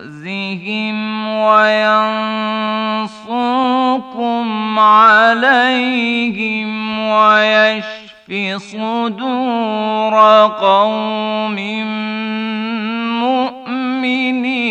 بأسهم وينصركم عليهم وَيَشْفِ صدور قوم مؤمنين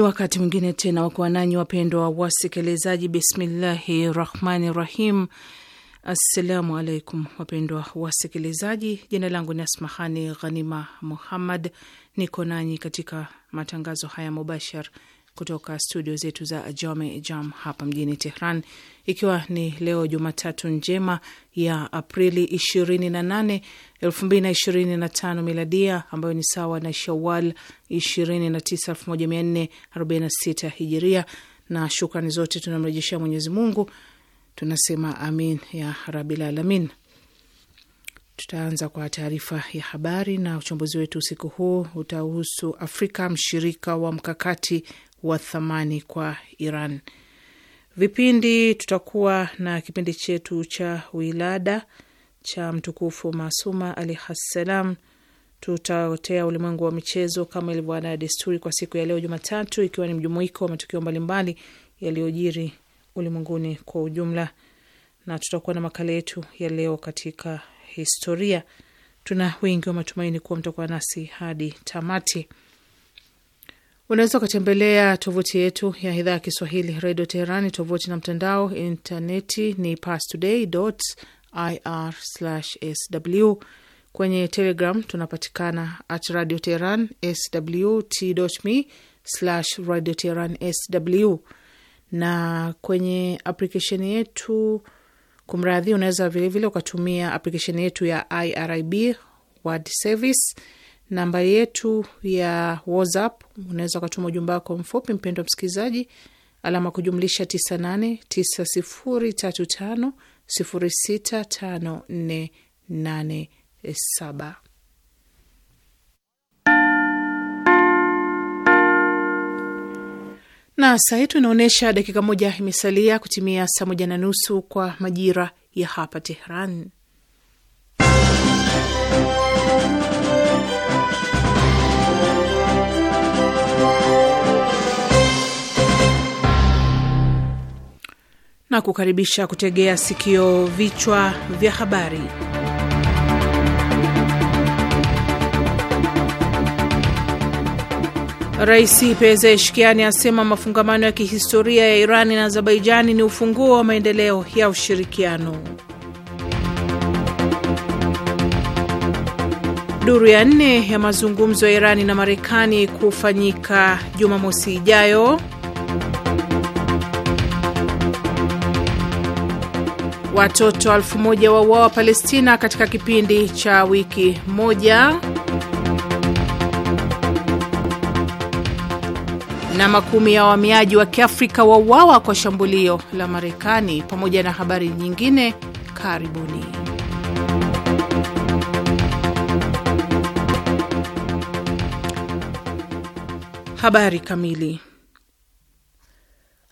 Ni wakati mwingine tena wakuwa nanyi wapendwa wasikilizaji. Bismillahi rahmani rahim. Assalamu alaikum wapendwa wasikilizaji, jina langu ni Asmahani Ghanima Muhammad, niko nanyi katika matangazo haya mubashar kutoka studio zetu za Jome Jam hapa mjini Tehran, ikiwa ni leo Jumatatu njema ya Aprili 28, 2025 miladia, ambayo ni sawa na Shawal 29, 1446 hijiria. Na shukrani zote tunamrejeshea Mwenyezi Mungu, tunasema amin ya rabil alamin. Tutaanza kwa taarifa ya habari na uchambuzi wetu usiku huu utahusu Afrika, mshirika wa mkakati wa thamani kwa Iran. Vipindi tutakuwa na kipindi chetu cha wilada cha mtukufu Masuma alaihissalam. Tutaotea ulimwengu wa michezo kama ilivyo ada ya desturi kwa siku ya leo Jumatatu, ikiwa ni mjumuiko wa matukio mbalimbali yaliyojiri ulimwenguni kwa ujumla, na tutakuwa na makala yetu ya leo katika historia. Tuna wingi wa matumaini kuwa mtakuwa nasi hadi tamati. Unaweza ukatembelea tovuti yetu ya idhaa ya Kiswahili redio Teherani. Tovuti na mtandao intaneti ni pastoday.ir/sw. Kwenye Telegram tunapatikana at radio Teheran sw t.me radio Teheran sw, na kwenye aplikesheni yetu kumradhi, unaweza vilevile ukatumia aplikesheni yetu ya IRIB World Service namba yetu ya WhatsApp. Unaweza ukatuma ujumbe wako mfupi, mpendo msikilizaji, alama kujumlisha 989035065487. Na saa yetu inaonyesha dakika moja imesalia kutimia saa moja na nusu kwa majira ya hapa Tehran. na kukaribisha kutegea sikio vichwa vya habari. Rais Pezeshkiani asema mafungamano ya kihistoria ya Irani na Azerbaijani ni ufunguo wa maendeleo ya ushirikiano. Duru ya nne ya mazungumzo ya Irani na Marekani kufanyika Jumamosi ijayo. Watoto elfu moja wauawa Palestina katika kipindi cha wiki moja. Na makumi ya wahamiaji wa Kiafrika wauawa kwa shambulio la Marekani, pamoja na habari nyingine. Karibuni. Habari kamili.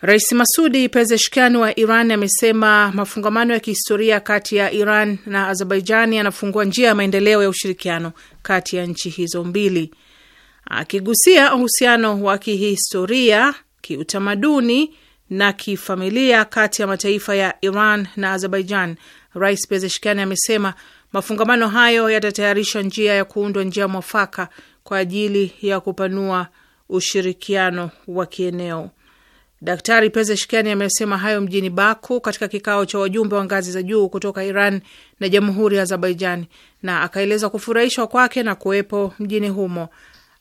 Rais Masudi Pezeshkian wa Iran amesema mafungamano ya kihistoria kati ya Iran na Azerbaijan yanafungua njia ya maendeleo ya ushirikiano kati ya nchi hizo mbili. Akigusia uhusiano wa kihistoria, kiutamaduni na kifamilia kati ya mataifa ya Iran na Azerbaijan, Rais Pezeshkian amesema mafungamano hayo yatatayarisha njia ya kuundwa njia mwafaka kwa ajili ya kupanua ushirikiano wa kieneo. Daktari Pezeshkiani amesema hayo mjini Baku katika kikao cha wajumbe wa ngazi za juu kutoka Iran na jamhuri ya Azerbaijan, na akaeleza kufurahishwa kwake na kuwepo mjini humo.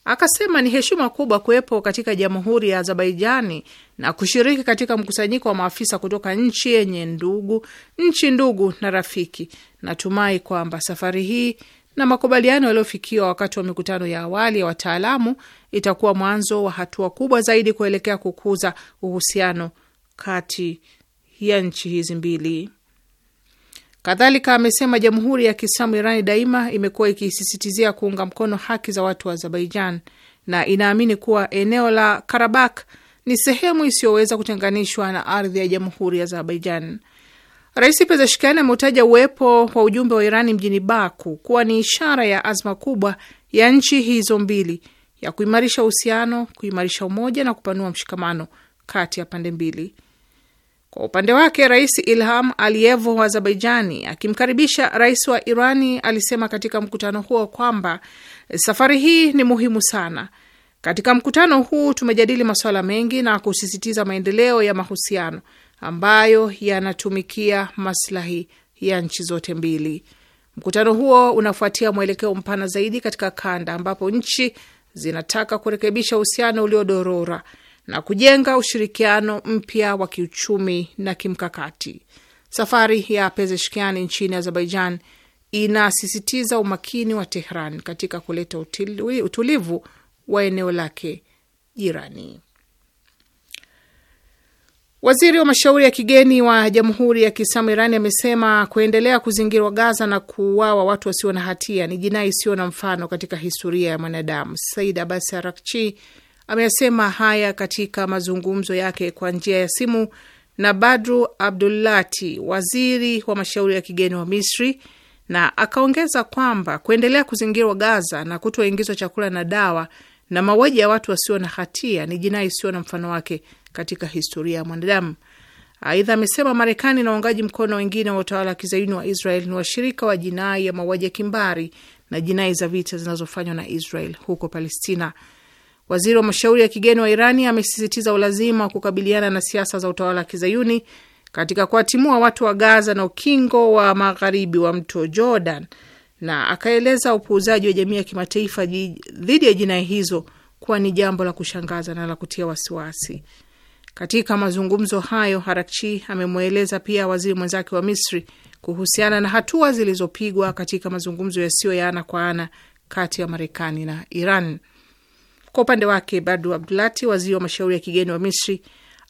Akasema ni heshima kubwa kuwepo katika jamhuri ya Azerbaijani na kushiriki katika mkusanyiko wa maafisa kutoka nchi yenye ndugu, nchi ndugu na rafiki. Natumai kwamba safari hii na makubaliano yaliyofikiwa wakati wa mikutano ya awali ya wataalamu itakuwa mwanzo wa hatua kubwa zaidi kuelekea kukuza uhusiano kati ya nchi hizi mbili. Kadhalika amesema Jamhuri ya Kiislamu Irani daima imekuwa ikisisitizia kuunga mkono haki za watu wa Azerbaijan na inaamini kuwa eneo la Karabakh ni sehemu isiyoweza kutenganishwa na ardhi ya Jamhuri ya Azerbaijan. Rais Pezeshkian ameutaja uwepo wa ujumbe wa Irani mjini Baku kuwa ni ishara ya azma kubwa ya nchi hizo mbili ya kuimarisha uhusiano, kuimarisha umoja na kupanua mshikamano kati ya pande mbili. Kwa upande wake, Rais Ilham Aliyevo wa Azerbaijani akimkaribisha rais wa Irani alisema katika mkutano huo kwamba safari hii ni muhimu sana. Katika mkutano huu tumejadili masuala mengi na kusisitiza maendeleo ya mahusiano ambayo yanatumikia maslahi ya nchi zote mbili. Mkutano huo unafuatia mwelekeo mpana zaidi katika kanda ambapo nchi zinataka kurekebisha uhusiano uliodorora na kujenga ushirikiano mpya wa kiuchumi na kimkakati. Safari ya Pezeshkian nchini Azerbaijan inasisitiza umakini wa Tehran katika kuleta utulivu wa eneo lake jirani. Waziri wa mashauri ya kigeni wa Jamhuri ya Kiislamu Irani amesema kuendelea kuzingirwa Gaza na kuuawa watu wasio na hatia ni jinai isiyo na mfano katika historia ya mwanadamu. Said Abbas Arakchi ameyasema haya katika mazungumzo yake kwa njia ya simu na Badru Abdulati, waziri wa mashauri ya kigeni wa Misri, na akaongeza kwamba kuendelea kuzingirwa Gaza na kutoingizwa chakula na dawa na mauaji ya watu wasio na hatia ni jinai isiyo na mfano wake katika historia ya mwanadamu. Aidha amesema Marekani na waungaji mkono wengine wa utawala wa kizayuni wa Israel ni washirika wa jinai ya mauaji ya kimbari na jinai za vita zinazofanywa na Israel huko Palestina. Waziri wa mashauri ya kigeni wa Irani amesisitiza ulazima wa kukabiliana na siasa za utawala wa kizayuni katika kuwatimua watu wa Gaza na ukingo wa magharibi wa mto Jordan, na akaeleza upuuzaji wa jamii ya kimataifa dhidi ya jinai hizo kuwa ni jambo la kushangaza na la kutia wasiwasi. Katika mazungumzo hayo, Harakchi amemweleza pia waziri mwenzake wa Misri kuhusiana na hatua zilizopigwa katika mazungumzo yasiyo ya ana kwa ana kati ya Marekani na Iran. Kwa upande wake, Badu Abdulati, waziri wa mashauri ya kigeni wa Misri,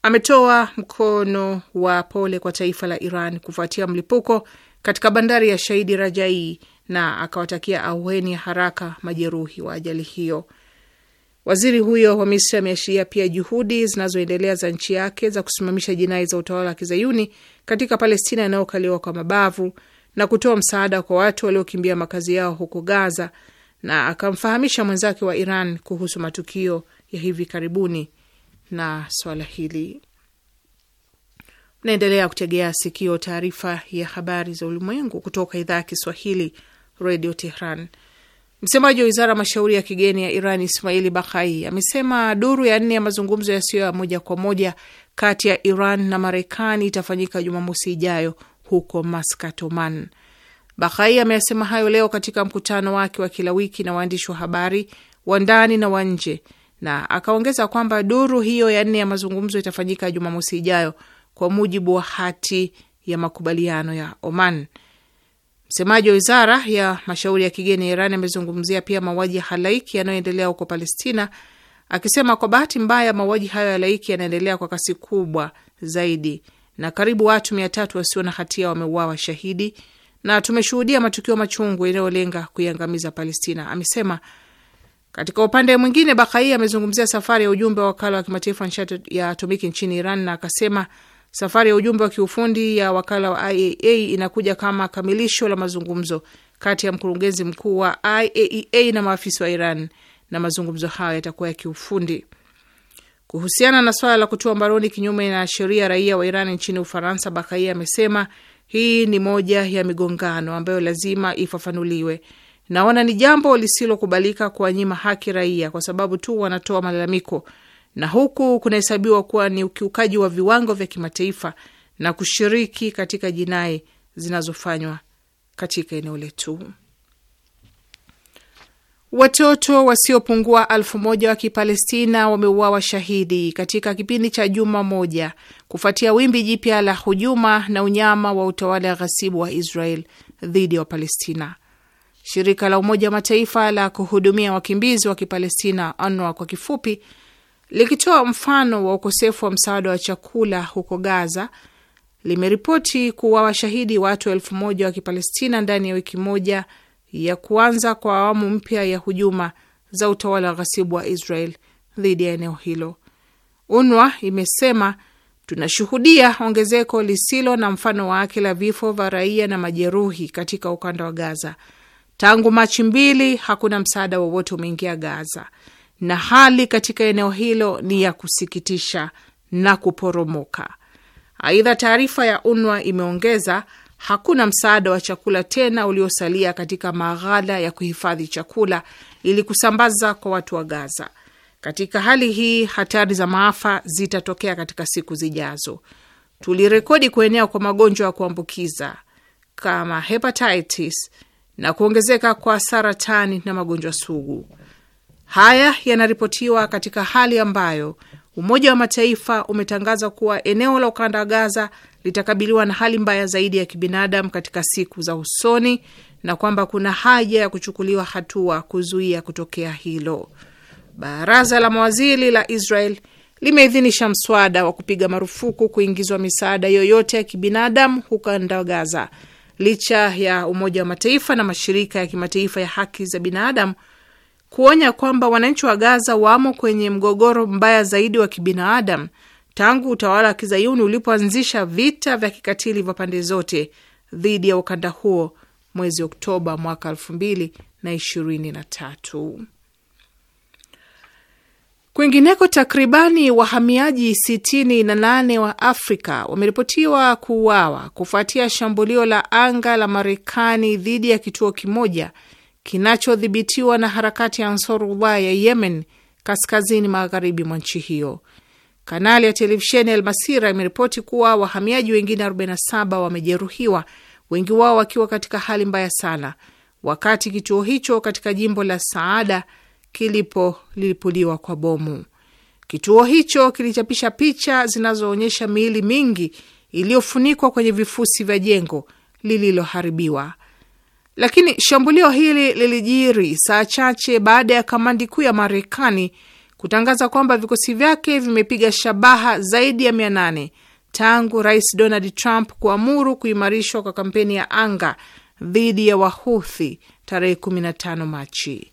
ametoa mkono wa pole kwa taifa la Iran kufuatia mlipuko katika bandari ya Shahidi Rajai na akawatakia aweni ya haraka majeruhi wa ajali hiyo. Waziri huyo wa Misri ameashiria pia juhudi zinazoendelea za nchi yake za kusimamisha jinai za utawala wa kizayuni katika Palestina inayokaliwa kwa mabavu na kutoa msaada kwa watu waliokimbia makazi yao huko Gaza, na akamfahamisha mwenzake wa Iran kuhusu matukio ya hivi karibuni na swala hili. Naendelea kutegea sikio taarifa ya habari za ulimwengu kutoka idhaa ya Kiswahili, Redio Tehran. Msemaji wa wizara ya mashauri ya kigeni ya Iran Ismaili Bakai amesema duru ya nne ya mazungumzo yasiyo ya moja kwa moja kati ya Iran na Marekani itafanyika Jumamosi ijayo huko Maskat, Oman. Bakai ameyasema hayo leo katika mkutano wake wa kila wiki na waandishi wa habari wa ndani na wa nje, na akaongeza kwamba duru hiyo ya nne ya mazungumzo itafanyika Jumamosi ijayo kwa mujibu wa hati ya makubaliano ya Oman. Msemaji wa wizara ya mashauri ya kigeni ya Iran amezungumzia pia mauaji ya halaiki yanayoendelea huko Palestina, akisema kwa bahati mbaya mauaji hayo ya halaiki yanaendelea kwa kasi kubwa zaidi na karibu watu mia tatu wasio na hatia wameuawa shahidi na tumeshuhudia matukio machungu yanayolenga kuiangamiza Palestina, amesema. Katika upande mwingine, Bakai amezungumzia safari ya ujumbe wa wakala wa kimataifa nishati ya atomiki nchini Iran na akasema Safari ya ujumbe wa kiufundi ya wakala wa IAA e inakuja kama kamilisho la mazungumzo kati ya mkurugenzi mkuu wa IAEA e na maafisa wa Iran, na mazungumzo hayo yatakuwa ya kiufundi. Kuhusiana na swala la kutua mbaroni kinyume na sheria raia wa Iran nchini Ufaransa, Bakai amesema hii ni moja ya migongano ambayo lazima ifafanuliwe. Naona ni jambo lisilokubalika kuwanyima haki raia kwa sababu tu wanatoa malalamiko na huku kunahesabiwa kuwa ni ukiukaji wa viwango vya kimataifa na kushiriki katika jinai zinazofanywa katika eneo letu. Watoto wasiopungua elfu moja wa Kipalestina wameuawa shahidi katika kipindi cha juma moja kufuatia wimbi jipya la hujuma na unyama wa utawala ghasibu wa Israel dhidi ya Wapalestina. Shirika la Umoja wa Mataifa la kuhudumia wakimbizi wa Kipalestina, UNRWA kwa kifupi, likitoa mfano wa ukosefu wa msaada wa chakula huko Gaza, limeripoti kuwa washahidi watu elfu moja wa Kipalestina ndani ya wiki moja ya kuanza kwa awamu mpya ya hujuma za utawala wa ghasibu wa Israel dhidi ya eneo hilo. unwa imesema tunashuhudia ongezeko lisilo na mfano wake la vifo vya raia na majeruhi katika ukanda wa Gaza. Tangu Machi mbili, hakuna msaada wowote umeingia Gaza na hali katika eneo hilo ni ya kusikitisha na kuporomoka. Aidha, taarifa ya UNWA imeongeza hakuna msaada wa chakula tena uliosalia katika maghala ya kuhifadhi chakula ili kusambaza kwa watu wa Gaza. Katika hali hii, hatari za maafa zitatokea katika siku zijazo. Tulirekodi kuenea kwa magonjwa ya kuambukiza kama hepatitis na kuongezeka kwa saratani na magonjwa sugu. Haya yanaripotiwa katika hali ambayo Umoja wa Mataifa umetangaza kuwa eneo la ukanda wa Gaza litakabiliwa na hali mbaya zaidi ya kibinadamu katika siku za usoni na kwamba kuna haja ya kuchukuliwa hatua kuzuia kutokea hilo. Baraza la mawaziri la Israel limeidhinisha mswada wa kupiga marufuku kuingizwa misaada yoyote ya kibinadamu ukanda wa Gaza licha ya Umoja wa Mataifa na mashirika ya kimataifa ya haki za binadamu kuonya kwamba wananchi wa Gaza wamo kwenye mgogoro mbaya zaidi wa kibinadamu tangu utawala wa kizayuni ulipoanzisha vita vya kikatili vya pande zote dhidi ya ukanda huo mwezi Oktoba mwaka elfu mbili na ishirini na tatu. Kwingineko, takribani wahamiaji sitini na nane wa Afrika wameripotiwa kuuawa kufuatia shambulio la anga la Marekani dhidi ya kituo kimoja kinachodhibitiwa na harakati ya Ansarullah ya Yemen kaskazini magharibi mwa nchi hiyo. Kanali ya televisheni Almasira imeripoti kuwa wahamiaji wengine 47 wamejeruhiwa, wengi wao wakiwa katika hali mbaya sana, wakati kituo hicho katika jimbo la Saada kilipolipuliwa kwa bomu. Kituo hicho kilichapisha picha zinazoonyesha miili mingi iliyofunikwa kwenye vifusi vya jengo lililoharibiwa. Lakini shambulio hili lilijiri saa chache baada ya kamandi kuu ya Marekani kutangaza kwamba vikosi vyake vimepiga shabaha zaidi ya mia nane tangu Rais Donald Trump kuamuru kuimarishwa kwa kampeni ya anga dhidi ya Wahuthi tarehe 15 Machi.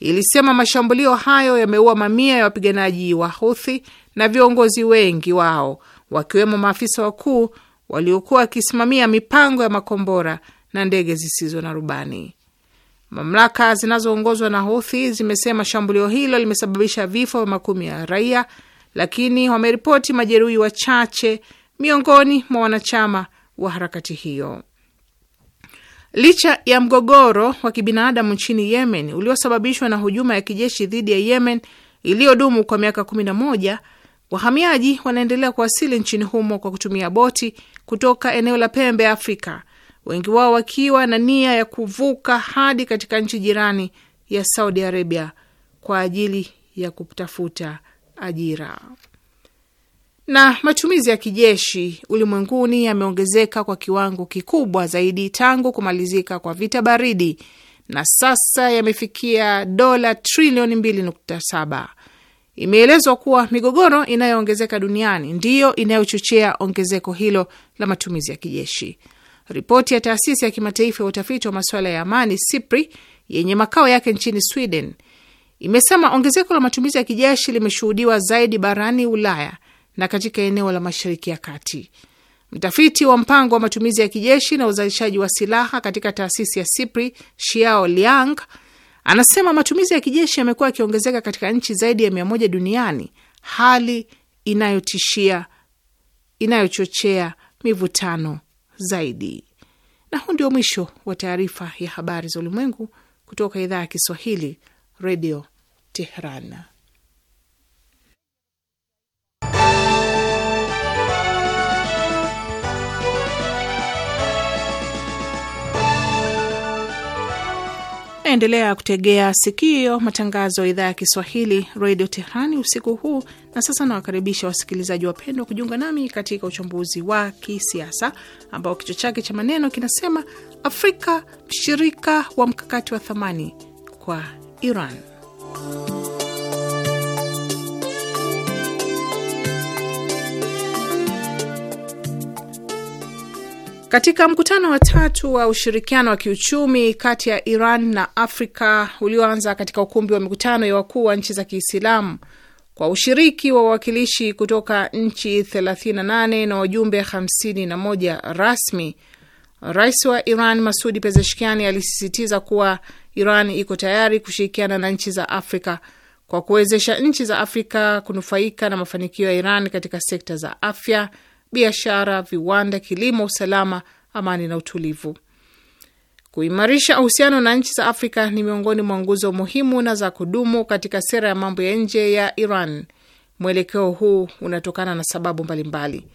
Ilisema mashambulio hayo yameua mamia ya wapiganaji Wahuthi na viongozi wengi wao wakiwemo maafisa wakuu waliokuwa wakisimamia mipango ya makombora na ndege zisizo na rubani. Mamlaka zinazoongozwa na Houthi zimesema shambulio hilo limesababisha vifo vya makumi ya raia, lakini wameripoti majeruhi wachache miongoni mwa wanachama wa harakati hiyo. Licha ya mgogoro wa kibinadamu nchini Yemen uliosababishwa na hujuma ya kijeshi dhidi ya Yemen iliyodumu kwa miaka 11, wahamiaji wanaendelea kuwasili nchini humo kwa kutumia boti kutoka eneo la pembe Afrika wengi wao wakiwa na nia ya kuvuka hadi katika nchi jirani ya Saudi Arabia kwa ajili ya kutafuta ajira. Na matumizi ya kijeshi ulimwenguni yameongezeka kwa kiwango kikubwa zaidi tangu kumalizika kwa vita baridi na sasa yamefikia dola trilioni 2.7. Imeelezwa kuwa migogoro inayoongezeka duniani ndiyo inayochochea ongezeko hilo la matumizi ya kijeshi. Ripoti ya taasisi ya kimataifa ya utafiti wa masuala ya amani SIPRI yenye makao yake nchini Sweden imesema ongezeko la matumizi ya kijeshi limeshuhudiwa zaidi barani Ulaya na katika eneo la Mashariki ya Kati. Mtafiti wa mpango wa matumizi ya kijeshi na uzalishaji wa silaha katika taasisi ya SIPRI, Xiao Liang, anasema matumizi ya kijeshi yamekuwa yakiongezeka katika nchi zaidi ya mia moja duniani, hali inayotishia inayochochea mivutano zaidi. Na huu ndio mwisho wa taarifa ya habari za ulimwengu kutoka idhaa ya Kiswahili, Redio teheran Mnaendelea kutegea sikio matangazo ya idhaa ya Kiswahili redio Tehrani usiku huu. Na sasa nawakaribisha wasikilizaji wapendwa kujiunga nami katika uchambuzi wa kisiasa ambao kichwa chake cha maneno kinasema Afrika mshirika wa mkakati wa thamani kwa Iran. Katika mkutano wa tatu wa ushirikiano wa kiuchumi kati ya Iran na Afrika ulioanza katika ukumbi wa mikutano ya wakuu wa nchi za Kiislamu kwa ushiriki wa wawakilishi kutoka nchi 38 na wajumbe 51 rasmi, rais wa Iran Masudi Pezeshkiani alisisitiza kuwa Iran iko tayari kushirikiana na nchi za Afrika kwa kuwezesha nchi za Afrika kunufaika na mafanikio ya Iran katika sekta za afya biashara, viwanda, kilimo, usalama, amani na utulivu. Kuimarisha uhusiano na nchi za Afrika ni miongoni mwa nguzo muhimu na za kudumu katika sera ya mambo ya nje ya Iran. Mwelekeo huu unatokana na sababu mbalimbali mbali.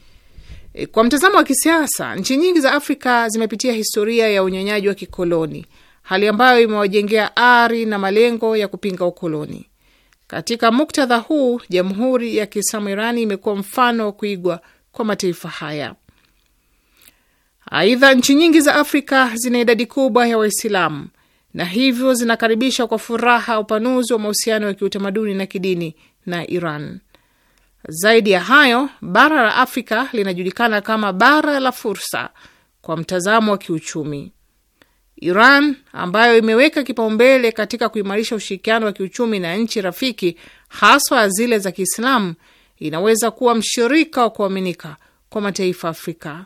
E, kwa mtazamo wa kisiasa, nchi nyingi za Afrika zimepitia historia ya unyonyaji wa kikoloni, hali ambayo imewajengea ari na malengo ya kupinga ukoloni. Katika muktadha huu, Jamhuri ya Kiislamu Irani imekuwa mfano wa kuigwa kwa mataifa haya. Aidha, nchi nyingi za Afrika zina idadi kubwa ya Waislamu na hivyo zinakaribisha kwa furaha upanuzi wa mahusiano ya kiutamaduni na kidini na Iran. Zaidi ya hayo, bara la Afrika linajulikana kama bara la fursa kwa mtazamo wa kiuchumi. Iran ambayo imeweka kipaumbele katika kuimarisha ushirikiano wa kiuchumi na nchi rafiki, haswa zile za Kiislamu, inaweza kuwa mshirika wa kuaminika kwa mataifa Afrika.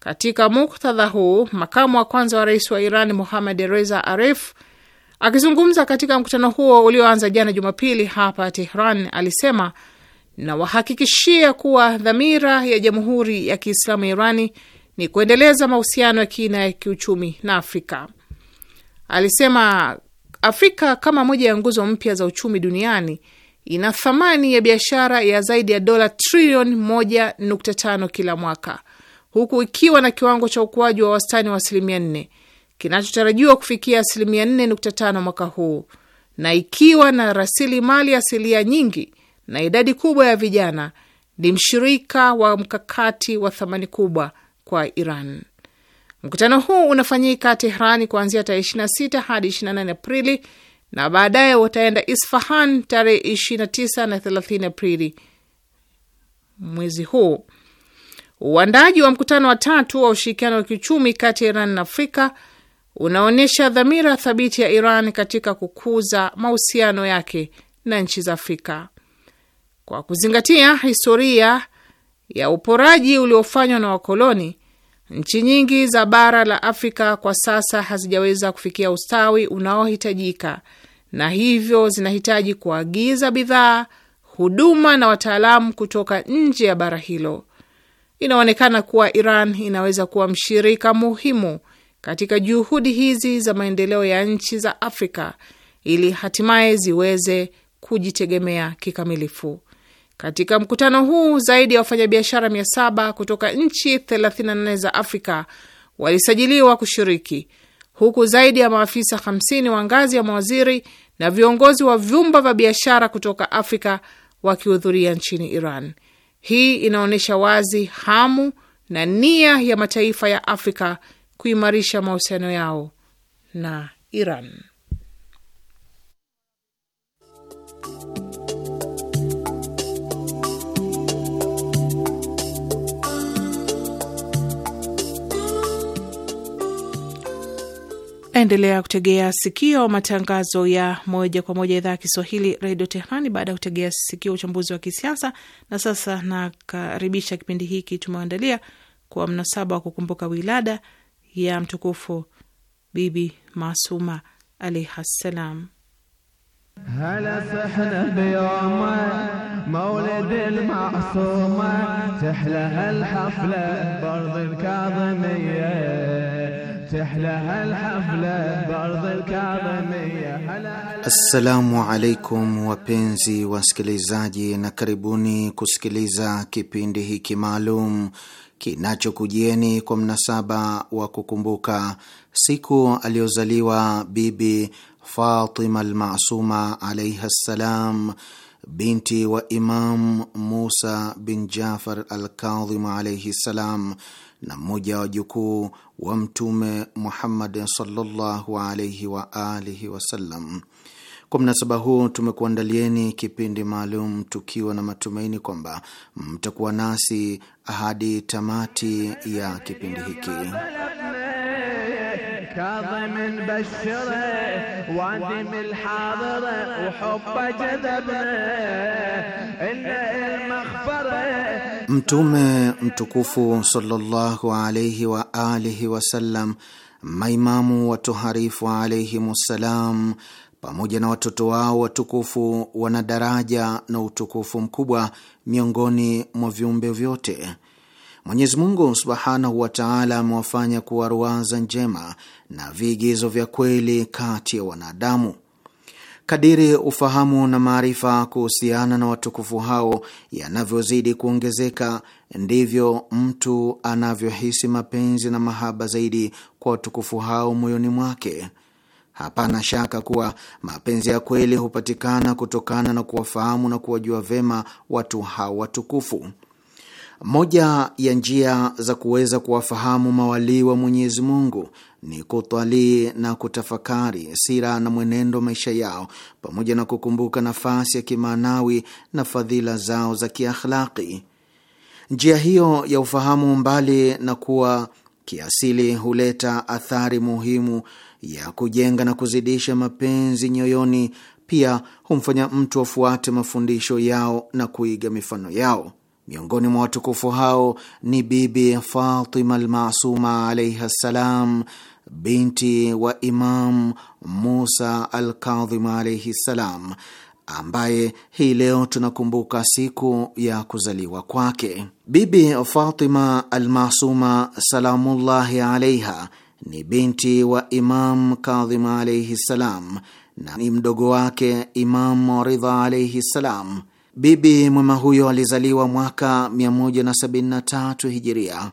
Katika muktadha huu, makamu wa kwanza wa rais wa Iran Mohamed Reza Arif akizungumza katika mkutano huo ulioanza jana Jumapili hapa Tehran alisema nawahakikishia kuwa dhamira ya Jamhuri ya Kiislamu ya Irani ni kuendeleza mahusiano ya kina ya kiuchumi na Afrika. Alisema Afrika kama moja ya nguzo mpya za uchumi duniani ina thamani ya biashara ya zaidi ya dola trilioni 1.5 kila mwaka, huku ikiwa na kiwango cha ukuaji wa wastani wa asilimia 4 kinachotarajiwa kufikia asilimia 4.5 mwaka huu, na ikiwa na rasilimali asilia nyingi na idadi kubwa ya vijana, ni mshirika wa mkakati wa thamani kubwa kwa Iran. Mkutano huu unafanyika Tehrani kuanzia tarehe 26 hadi 28 Aprili na baadaye wataenda Isfahan tarehe 29 na 30 Aprili mwezi huu. Uandaji wa mkutano wa tatu wa ushirikiano wa kiuchumi kati ya Iran na Afrika unaonyesha dhamira thabiti ya Iran katika kukuza mahusiano yake na nchi za Afrika kwa kuzingatia historia ya uporaji uliofanywa na wakoloni Nchi nyingi za bara la Afrika kwa sasa hazijaweza kufikia ustawi unaohitajika na hivyo zinahitaji kuagiza bidhaa, huduma na wataalamu kutoka nje ya bara hilo. Inaonekana kuwa Iran inaweza kuwa mshirika muhimu katika juhudi hizi za maendeleo ya nchi za Afrika ili hatimaye ziweze kujitegemea kikamilifu. Katika mkutano huu zaidi ya wafanyabiashara 700 kutoka nchi 34 za Afrika walisajiliwa kushiriki huku zaidi ya maafisa 50 wa ngazi ya mawaziri na viongozi wa vyumba vya biashara kutoka Afrika wakihudhuria nchini Iran. Hii inaonyesha wazi hamu na nia ya mataifa ya Afrika kuimarisha mahusiano yao na Iran. Endelea kutegea sikio matangazo ya moja kwa moja idhaa ya Kiswahili redio Tehrani. Baada ya kutegea sikio uchambuzi wa kisiasa, na sasa nakaribisha kipindi hiki tumeandalia kwa mnasaba wa kukumbuka wilada ya mtukufu Bibi Masuma alaihi ssalam. Assalamu alaikum wapenzi wasikilizaji, na karibuni kusikiliza kipindi hiki maalum kinachokujieni kwa mnasaba wa kukumbuka siku aliyozaliwa Bibi Fatima Almasuma alaihi ssalam binti wa Imam Musa bin Jafar alkadhimu alaihi ssalam na mmoja wa wajukuu wa Mtume Muhammad sallallahu alaihi wa alihi wasallam. Kwa mnasaba huu tumekuandalieni kipindi maalum tukiwa na matumaini kwamba mtakuwa nasi hadi tamati ya kipindi hiki. Mtume mtukufu sallallahu alaihi wa alihi wasallam, maimamu watoharifu alaihimussalam, pamoja na watoto wao watukufu wana daraja na utukufu mkubwa miongoni mwa viumbe vyote. Mwenyezi Mungu subhanahu wataala amewafanya kuwa ruwaza njema na viigizo vya kweli kati ya wanadamu. Kadiri ufahamu na maarifa kuhusiana na watukufu hao yanavyozidi kuongezeka, ndivyo mtu anavyohisi mapenzi na mahaba zaidi kwa watukufu hao moyoni mwake. Hapana shaka kuwa mapenzi ya kweli hupatikana kutokana na kuwafahamu na kuwajua vema watu hao watukufu. Moja ya njia za kuweza kuwafahamu mawalii wa Mwenyezi Mungu ni kutwalii na kutafakari sira na mwenendo maisha yao pamoja na kukumbuka nafasi ya kimaanawi na fadhila zao za kiakhlaki. Njia hiyo ya ufahamu, mbali na kuwa kiasili, huleta athari muhimu ya kujenga na kuzidisha mapenzi nyoyoni, pia humfanya mtu afuate mafundisho yao na kuiga mifano yao. Miongoni mwa watukufu hao ni Bibi Fatima Almasuma alaihi ssalam, binti wa Imam Musa Alkadhim alaihi ssalam, ambaye hii leo tunakumbuka siku ya kuzaliwa kwake. Bibi Fatima Almasuma salamullahi alaiha ni binti wa Imam Kadhim alaihi ssalam na ni mdogo wake Imam Ridha alaihi ssalam. Bibi mwema huyo alizaliwa mwaka 173 hijiria.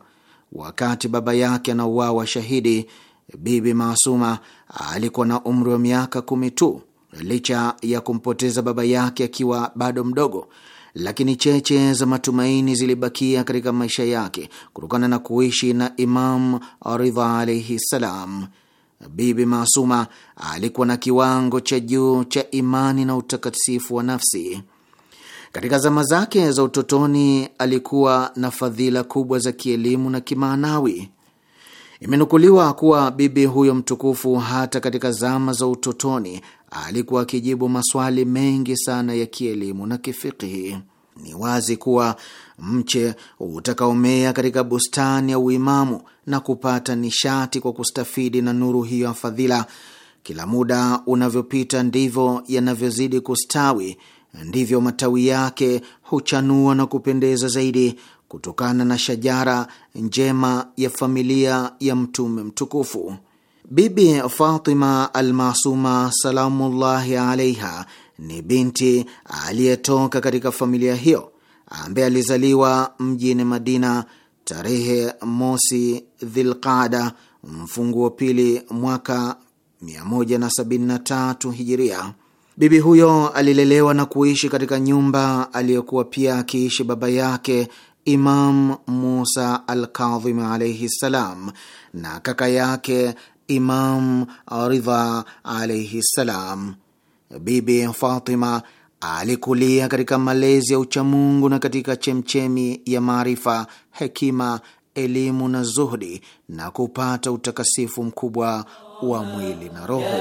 Wakati baba yake anauawa shahidi, Bibi Maasuma alikuwa na umri wa miaka kumi tu. Licha ya kumpoteza baba yake akiwa bado mdogo, lakini cheche za matumaini zilibakia katika maisha yake kutokana na kuishi na Imam Ridha alaihi ssalam. Bibi Maasuma alikuwa na kiwango cha juu cha imani na utakatifu wa nafsi. Katika zama zake za utotoni alikuwa na fadhila kubwa za kielimu na kimaanawi. Imenukuliwa kuwa bibi huyo mtukufu hata katika zama za utotoni alikuwa akijibu maswali mengi sana ya kielimu na kifikihi. Ni wazi kuwa mche utakaomea katika bustani ya uimamu na kupata nishati kwa kustafidi na nuru hiyo ya fadhila, kila muda unavyopita ndivyo yanavyozidi kustawi ndivyo matawi yake huchanua na kupendeza zaidi kutokana na shajara njema ya familia ya Mtume mtukufu. Bibi Fatima Almasuma salamullahi alaiha ni binti aliyetoka katika familia hiyo ambaye alizaliwa mjini Madina tarehe mosi Dhilqada mfunguo pili mwaka 173 hijiria. Bibi huyo alilelewa na kuishi katika nyumba aliyokuwa pia akiishi baba yake Imam Musa Alkadhim alaihi ssalam na kaka yake Imam Ridha alaihi ssalam. Bibi Fatima alikulia katika malezi ya uchamungu na katika chemchemi ya maarifa, hekima, elimu na zuhdi na kupata utakasifu mkubwa wa mwili na roho.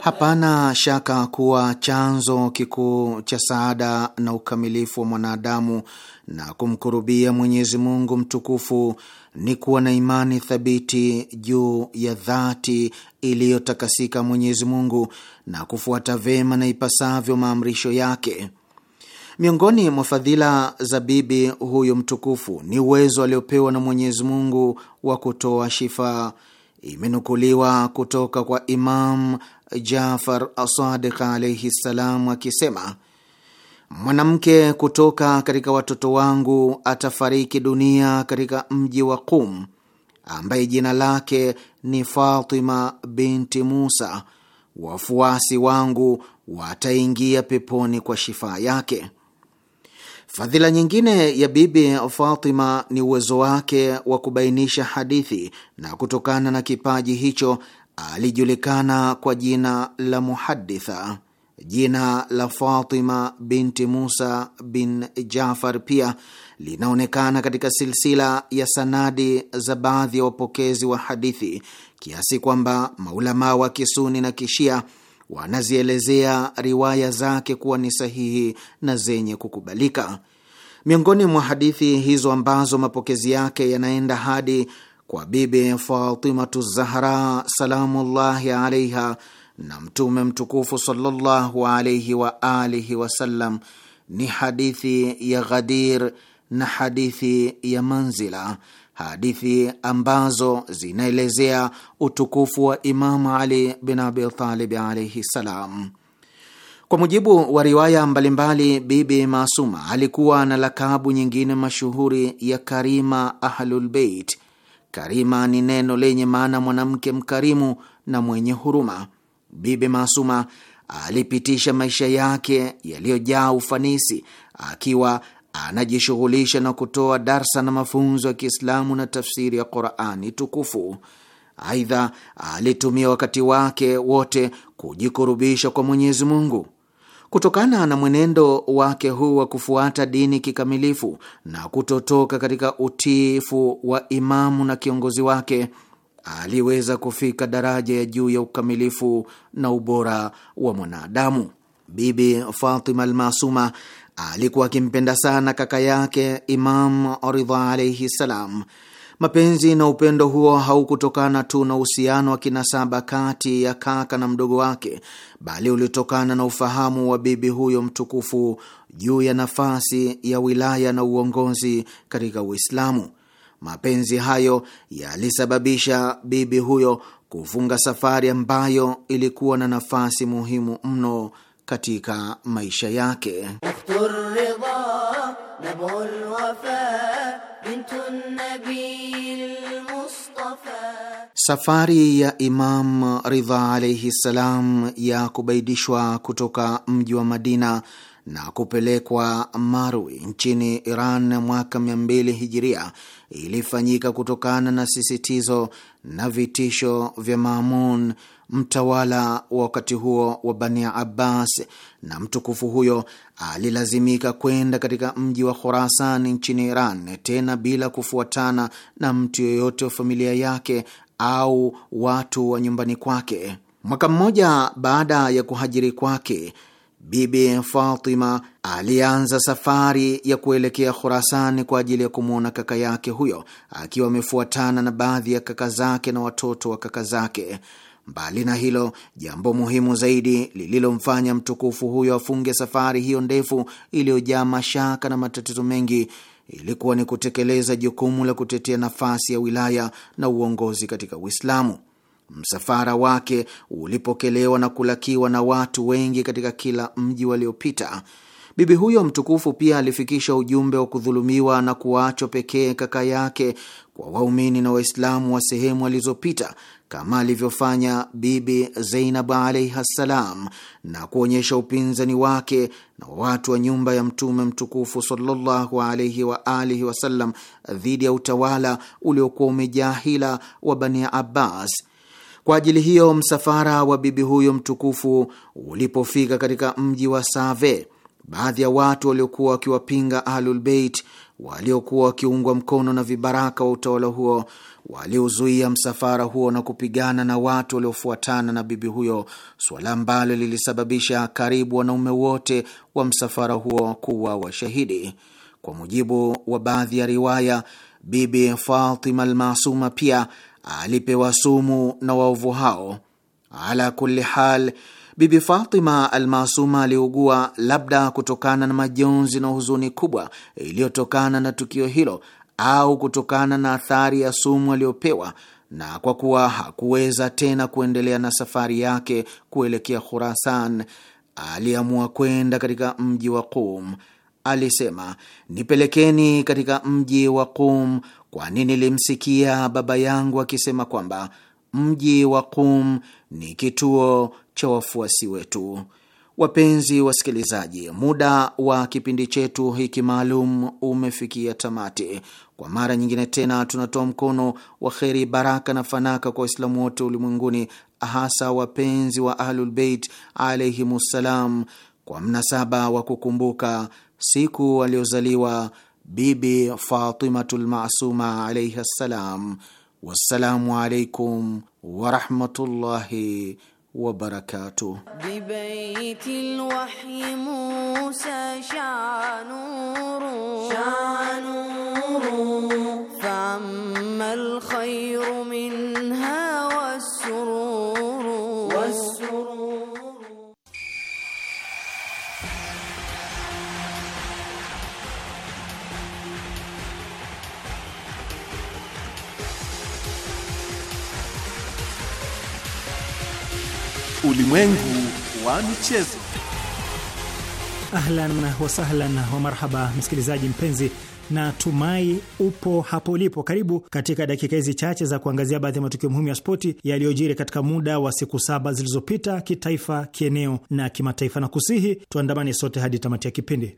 Hapana shaka kuwa chanzo kikuu cha saada na ukamilifu wa mwanadamu na kumkurubia Mwenyezi Mungu mtukufu ni kuwa na imani thabiti juu ya dhati iliyotakasika Mwenyezi Mungu na kufuata vema na ipasavyo maamrisho yake. Miongoni mwa fadhila za bibi huyu mtukufu ni uwezo aliopewa na Mwenyezi Mungu wa kutoa shifaa. Imenukuliwa kutoka kwa Imam Jafar Sadiq alaihi ssalam akisema, mwanamke kutoka katika watoto wangu atafariki dunia katika mji wa Qum, ambaye jina lake ni Fatima binti Musa. Wafuasi wangu wataingia peponi kwa shifaa yake. Fadhila nyingine ya Bibi Fatima ni uwezo wake wa kubainisha hadithi, na kutokana na kipaji hicho alijulikana kwa jina la muhaditha. Jina la Fatima binti Musa bin Jafar pia linaonekana katika silsila ya sanadi za baadhi ya wapokezi wa hadithi, kiasi kwamba maulamaa wa Kisuni na Kishia wanazielezea riwaya zake kuwa ni sahihi na zenye kukubalika. Miongoni mwa hadithi hizo ambazo mapokezi yake yanaenda hadi kwa Bibi Fatimatu Zahra salamullahi alaiha na Mtume mtukufu sallallahu alaihi wa alihi wasallam ni hadithi ya Ghadir na hadithi ya Manzila hadithi ambazo zinaelezea utukufu wa Imamu Ali bin Abi Talib alaihi salam. Kwa mujibu wa riwaya mbalimbali, Bibi masuma alikuwa na lakabu nyingine mashuhuri ya Karima Ahlulbeit. Karima ni neno lenye maana mwanamke mkarimu na mwenye huruma. Bibi masuma alipitisha maisha yake yaliyojaa ufanisi akiwa anajishughulisha na kutoa darsa na mafunzo ya Kiislamu na tafsiri ya Qurani Tukufu. Aidha, alitumia wakati wake wote kujikurubisha kwa Mwenyezi Mungu. Kutokana na mwenendo wake huu wa kufuata dini kikamilifu na kutotoka katika utiifu wa imamu na kiongozi wake, aliweza kufika daraja ya juu ya ukamilifu na ubora wa mwanadamu. Bibi Fatima Almasuma alikuwa akimpenda sana kaka yake Imam Ridha alaihi ssalam. Mapenzi na upendo huo haukutokana tu na uhusiano wa kinasaba kati ya kaka na mdogo wake, bali ulitokana na ufahamu wa bibi huyo mtukufu juu ya nafasi ya wilaya na uongozi katika Uislamu. Mapenzi hayo yalisababisha bibi huyo kufunga safari ambayo ilikuwa na nafasi muhimu mno katika maisha yake. Safari ya Imam Ridha alaihi ssalam ya kubaidishwa kutoka mji wa Madina na kupelekwa Marwi nchini Iran mwaka 200 hijiria ilifanyika kutokana na sisitizo na vitisho vya Maamun mtawala wa wakati huo wa Bani Abbas, na mtukufu huyo alilazimika kwenda katika mji wa khurasani nchini Iran, tena bila kufuatana na mtu yoyote wa familia yake au watu wa nyumbani kwake. Mwaka mmoja baada ya kuhajiri kwake, Bibi Fatima alianza safari ya kuelekea Khurasani kwa ajili ya kumwona kaka yake huyo, akiwa amefuatana na baadhi ya kaka zake na watoto wa kaka zake. Mbali na hilo, jambo muhimu zaidi lililomfanya mtukufu huyo afunge safari hiyo ndefu iliyojaa mashaka na matatizo mengi ilikuwa ni kutekeleza jukumu la kutetea nafasi ya wilaya na uongozi katika Uislamu. Msafara wake ulipokelewa na kulakiwa na watu wengi katika kila mji waliopita. Bibi huyo mtukufu pia alifikisha ujumbe wa kudhulumiwa na kuachwa pekee kaka yake kwa waumini na Waislamu wa sehemu alizopita kama alivyofanya Bibi Zainab alaihi ssalam, na kuonyesha upinzani wake na watu wa nyumba ya Mtume mtukufu sallallahu alaihi wa alihi wasallam dhidi ya utawala uliokuwa umejahila wa Bani Abbas. Kwa ajili hiyo, msafara wa bibi huyo mtukufu ulipofika katika mji wa Save, baadhi ya watu waliokuwa wakiwapinga Ahlulbeit waliokuwa wakiungwa mkono na vibaraka wa utawala huo waliozuia msafara huo na kupigana na watu waliofuatana na bibi huyo, suala ambalo lilisababisha karibu wanaume wote wa msafara huo kuwa washahidi. Kwa mujibu wa baadhi ya riwaya, Bibi Fatima Almasuma pia alipewa sumu na waovu hao. Ala kulli hal Bibi Fatima Almasuma aliugua, labda kutokana na majonzi na huzuni kubwa iliyotokana na tukio hilo au kutokana na athari ya sumu aliyopewa, na kwa kuwa hakuweza tena kuendelea na safari yake kuelekea Khurasan, aliamua kwenda katika mji wa Qum. Alisema, nipelekeni katika mji wa Qum, kwani nilimsikia baba yangu akisema kwamba mji wa Qum ni kituo cha wafuasi wetu. Wapenzi wasikilizaji, muda wa kipindi chetu hiki maalum umefikia tamati. Kwa mara nyingine tena, tunatoa mkono wa kheri, baraka na fanaka kwa Waislamu wote ulimwenguni, hasa wapenzi wa Ahlulbeit alaihimussalam, kwa mnasaba wa kukumbuka siku aliyozaliwa Bibi Fatimatu lmasuma alaihi ssalam. Wassalamu alaikum warahmatullahi وبركاته ببيت الوحي موسى شع نور شع نور فأما الخير منها ulimwengu wa michezo. Ahlan wasahlan wa marhaba, msikilizaji mpenzi, na tumai upo hapo ulipo. Karibu katika dakika hizi chache za kuangazia baadhi ya matukio muhimu ya spoti yaliyojiri katika muda wa siku saba zilizopita, kitaifa, kieneo na kimataifa, na kusihi tuandamane sote hadi tamati ya kipindi.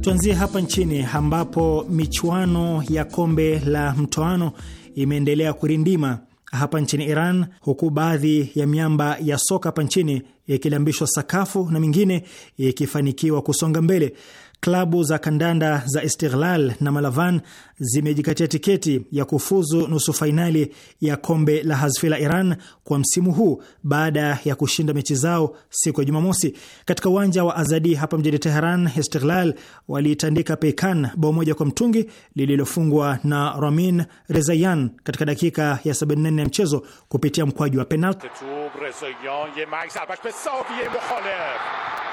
Tuanzie hapa nchini ambapo michuano ya kombe la mtoano imeendelea kurindima hapa nchini Iran, huku baadhi ya miamba ya soka hapa nchini ikilambishwa sakafu na mingine ikifanikiwa kusonga mbele. Klabu za kandanda za Istiglal na Malavan zimejikatia tiketi ya kufuzu nusu fainali ya kombe la Hazfi la Iran kwa msimu huu baada ya kushinda mechi zao siku ya Jumamosi katika uwanja wa Azadi hapa mjini Teheran. Istiklal waliitandika Peikan bao moja kwa mtungi lililofungwa na Ramin Rezayan katika dakika ya 74 ya mchezo kupitia mkwaju wa penalti.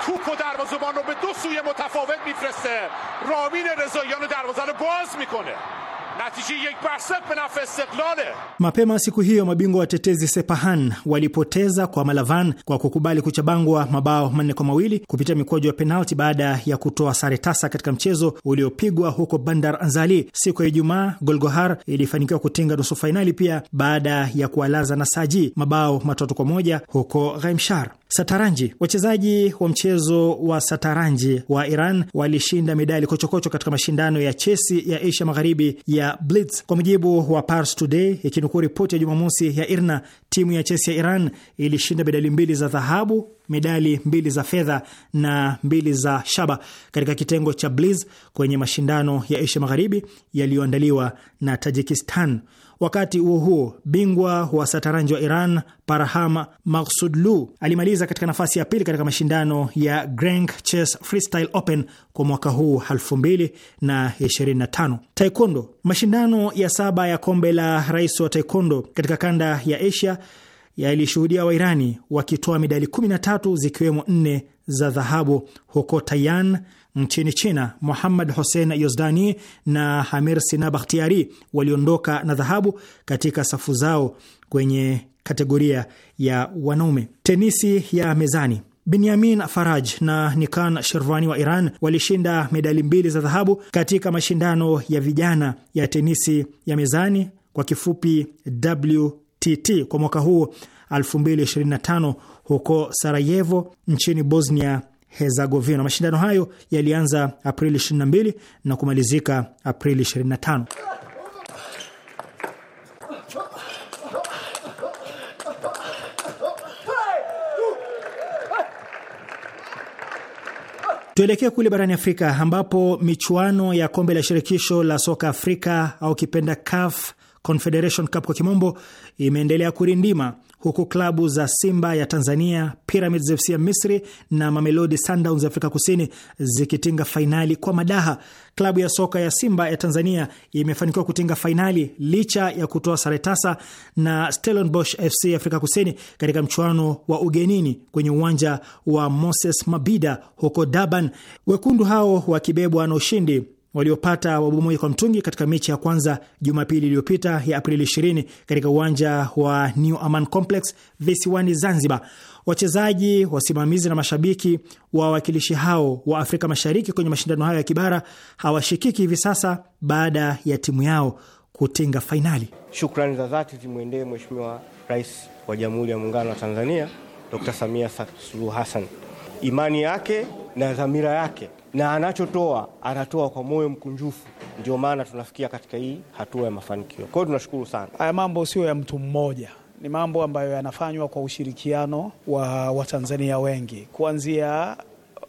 توپو دروازه‌بان رو به دو سوی متفاوت میفرسته رامین رضاییان دروازه رو باز میکنه Mapema siku hiyo mabingwa watetezi Sepahan walipoteza kwa Malavan kwa kukubali kuchabangwa mabao manne kwa mawili kupitia mikwaju ya penalti baada ya kutoa sare tasa katika mchezo uliopigwa huko Bandar Anzali siku ya Ijumaa. Golgohar ilifanikiwa kutinga nusu fainali pia baada ya kuwalaza na Saji mabao matatu kwa moja huko Ghaimshar. Sataranji. Wachezaji wa mchezo wa sataranji wa Iran walishinda medali kochokocho katika mashindano ya chesi ya Asia Magharibi ya Blitz. Kwa mujibu wa Pars Today, ikinukuu ripoti ya Jumamosi ya IRNA, timu ya chesi ya Iran ilishinda medali mbili za dhahabu, medali mbili za fedha na mbili za shaba katika kitengo cha Blitz kwenye mashindano ya Asia Magharibi yaliyoandaliwa na Tajikistan. Wakati huo huo, bingwa wa sataranji wa Iran Parham Maksudlu alimaliza katika nafasi ya pili katika mashindano ya Grand Chess Freestyle Open kwa mwaka huu 2025. Taekwondo, mashindano ya saba ya kombe la rais wa taekwondo katika kanda ya Asia yalishuhudia Wairani wakitoa medali 13 zikiwemo nne za dhahabu huko Tayan nchini China, Muhammad hosen Yozdani na Hamir Sina Bakhtiari waliondoka na dhahabu katika safu zao kwenye kategoria ya wanaume. Tenisi ya mezani Binyamin Faraj na Nikan Shervani wa Iran walishinda medali mbili za dhahabu katika mashindano ya vijana ya tenisi ya mezani kwa kifupi WTT kwa mwaka huu 2025 huko Sarajevo nchini Bosnia Herzegovina. Mashindano hayo yalianza Aprili 22 na kumalizika Aprili 25. Tuelekee kule barani Afrika ambapo michuano ya kombe la shirikisho la soka Afrika au kipenda CAF Confederation Cup kwa kimombo imeendelea kurindima huku klabu za Simba ya Tanzania, Pyramids FC ya Misri na Mamelodi Sundowns ya Afrika Kusini zikitinga fainali kwa madaha. Klabu ya soka ya Simba ya Tanzania imefanikiwa kutinga fainali licha ya kutoa sare tasa na Stellenbosch FC Afrika Kusini katika mchuano wa ugenini kwenye uwanja wa Moses Mabida huko Durban, wekundu hao wakibebwa na ushindi waliopata wabu moja kwa mtungi katika mechi ya kwanza Jumapili iliyopita ya Aprili 20 katika uwanja wa New Aman Complex visiwani Zanzibar. Wachezaji, wasimamizi na mashabiki wa wawakilishi hao wa Afrika Mashariki kwenye mashindano hayo ya kibara hawashikiki hivi sasa baada ya timu yao kutinga fainali. Shukrani za dhati zimwendee Mheshimiwa Rais wa Jamhuri ya Muungano wa Tanzania Dr. Samia Suluhu Hassan, imani yake na dhamira yake na anachotoa anatoa kwa moyo mkunjufu. Ndio maana tunafikia katika hii hatua ya mafanikio. Kwa hiyo tunashukuru sana. Haya mambo sio ya mtu mmoja, ni mambo ambayo yanafanywa kwa ushirikiano wa Watanzania wengi, kuanzia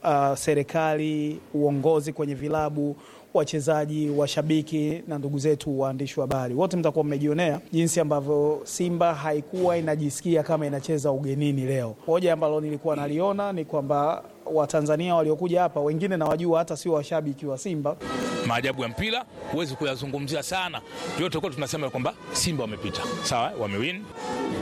uh, serikali, uongozi kwenye vilabu wachezaji, washabiki na ndugu zetu waandishi wa habari wote, mtakuwa mmejionea jinsi ambavyo Simba haikuwa inajisikia kama inacheza ugenini leo. Moja ambalo nilikuwa naliona ni kwamba wa Tanzania waliokuja hapa wengine nawajua, hata sio washabiki wa Simba. Maajabu ya mpira huwezi kuyazungumzia sana, yote kwa tunasema kwamba Simba wamepita, sawa, wamewin,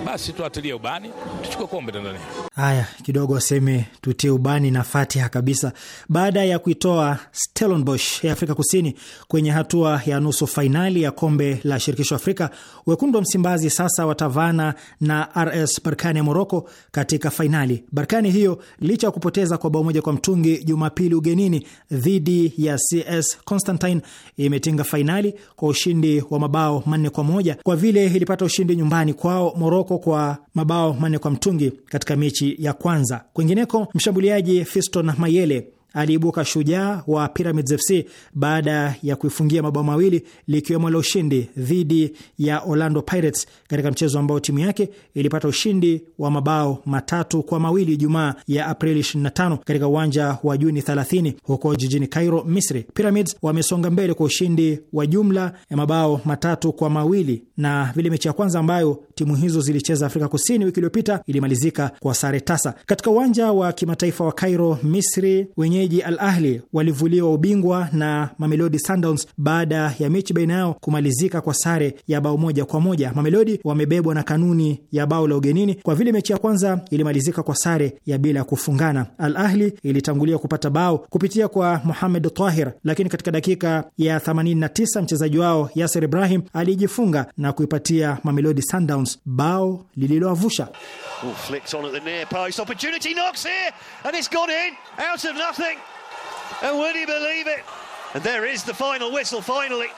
basi tuatilie ubani, tuchukue kombe Tanzania. Haya, kidogo aseme tutie ubani na Fatiha kabisa, baada ya kuitoa Stellenbosch ya Afrika Kusini kwenye hatua ya nusu fainali ya kombe la shirikisho Afrika, wekundu wa Msimbazi sasa watavana na RS Barkani ya Moroko katika fainali. Barkani hiyo licha ya kupoteza kwa bao moja kwa mtungi Jumapili ugenini dhidi ya CS Constantine imetinga fainali kwa ushindi wa mabao manne kwa moja kwa vile ilipata ushindi nyumbani kwao Moroko kwa mabao manne kwa mtungi katika mechi ya kwanza. Kwingineko, mshambuliaji Fiston Mayele aliibuka shujaa wa Pyramids FC baada ya kuifungia mabao mawili likiwemo la ushindi dhidi ya Orlando Pirates katika mchezo ambao timu yake ilipata ushindi wa mabao matatu kwa mawili ijumaa ya Aprili 25 katika uwanja wa Juni 30 huko jijini Cairo, Misri. Pyramids wamesonga mbele kwa ushindi wa jumla ya mabao matatu kwa mawili na vile mechi ya kwanza ambayo timu hizo zilicheza Afrika Kusini wiki iliyopita ilimalizika kwa sare tasa katika uwanja wa kimataifa wa Cairo, Misri wenye Wenyeji Al Ahli walivuliwa ubingwa na Mamelodi Sundowns baada ya mechi baina yao kumalizika kwa sare ya bao moja kwa moja. Mamelodi wamebebwa na kanuni ya bao la ugenini kwa vile mechi ya kwanza ilimalizika kwa sare ya bila ya kufungana. Al Ahli ilitangulia kupata bao kupitia kwa muhamed Tahir, lakini katika dakika ya 89 mchezaji wao yaser Ibrahim alijifunga na kuipatia Mamelodi Sundowns bao lililoavusha. Oh, And would he believe it? And there is the final whistle finally.